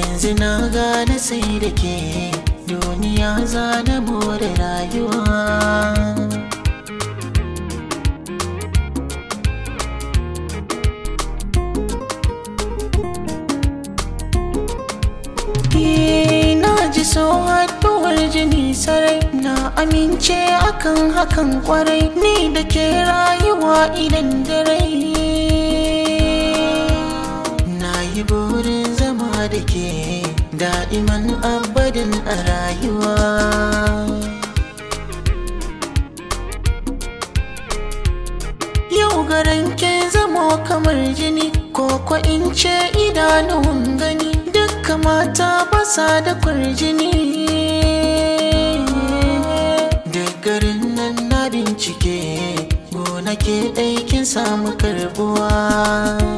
yanzu na gane sai da ke duniya za na more rayuwa eh, so haɗuwar jini sarai na amince akan hakan kwarai ni da ke rayuwa idan da rai da'iman abadin a rayuwa yau garin ke zamo kamar jini ko in ce idanun gani dukka mata basa da kurjini da garin nan na bincike gona ke ɗaikin samu karbuwa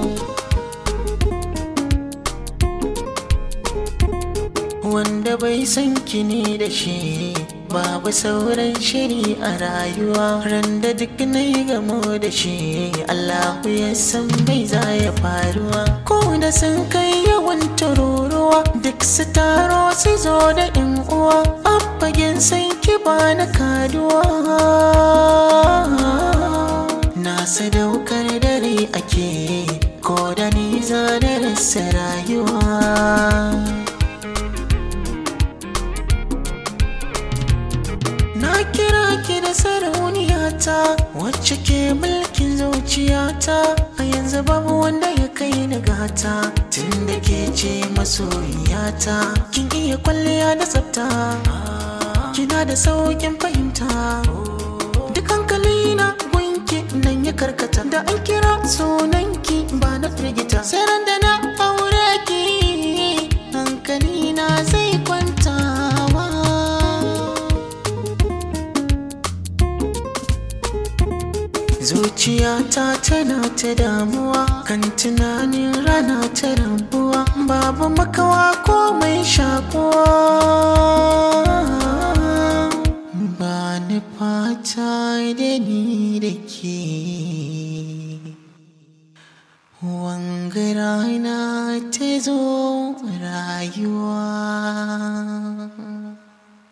wanda bai san kini da shi babu sauran shiri a rayuwa ran da duk na yi gamo da shi allahu ya san bai za ya faruwa ko da sun kai yawan tururuwa duk su taro su zo da in uwa abbagen san ki ba na kaduwa na sadaukar dare ake ko da ni za da rasa rayuwa da sarauniyata wacce ke mulkin zuciyata a yanzu babu wanda ya kai ni gata tun da ke ce masoyiyata kin iya kwalliya da tsafta kina da saukin fahimta duk hankali na gunki nan ya karkata da an kira sunanki ba na firgita sai ran da zuciyata tana ta damuwa kan tunanin rana ta rabuwa babu makawa ko mai shakuwa ba ni fata da ni da ke wangarana ta zo rayuwa